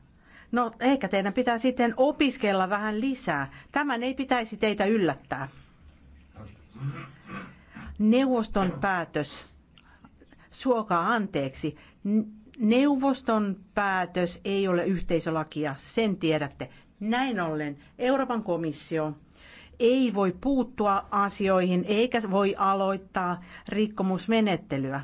No, eikä teidän pitää sitten opiskella vähän lisää. Tämän ei pitäisi teitä yllättää. Neuvoston päätös, suokaa anteeksi, neuvoston päätös ei ole yhteisölakia, sen tiedätte. Näin ollen Euroopan komissio ei voi puuttua asioihin eikä voi aloittaa rikkomusmenettelyä.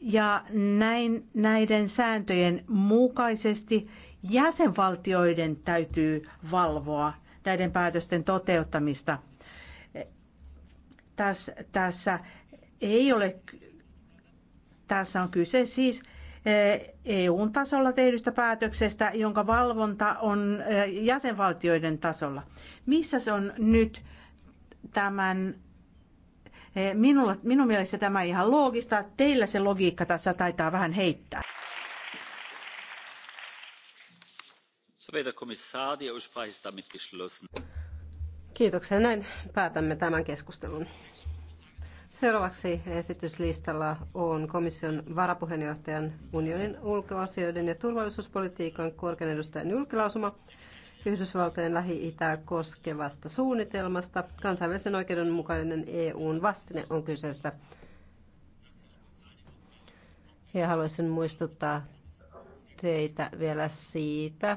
Ja näin, näiden sääntöjen mukaisesti jäsenvaltioiden täytyy valvoa näiden päätösten toteuttamista. Tässä, tässä ei ole, tässä on kyse siis EUn e tasolla tehdystä päätöksestä, jonka valvonta on e, jäsenvaltioiden tasolla. Missä se on nyt tämän e, Minulla, minun mielestä tämä ihan loogista. Teillä se logiikka tässä taitaa vähän heittää. So, Kiitoksia. Näin päätämme tämän keskustelun. Seuraavaksi esityslistalla on komission varapuheenjohtajan unionin ulkoasioiden ja turvallisuuspolitiikan korkean edustajan julkilausuma Yhdysvaltojen Lähi-Itää koskevasta suunnitelmasta. Kansainvälisen oikeudenmukainen EUn vastine on kyseessä. Ja haluaisin muistuttaa teitä vielä siitä,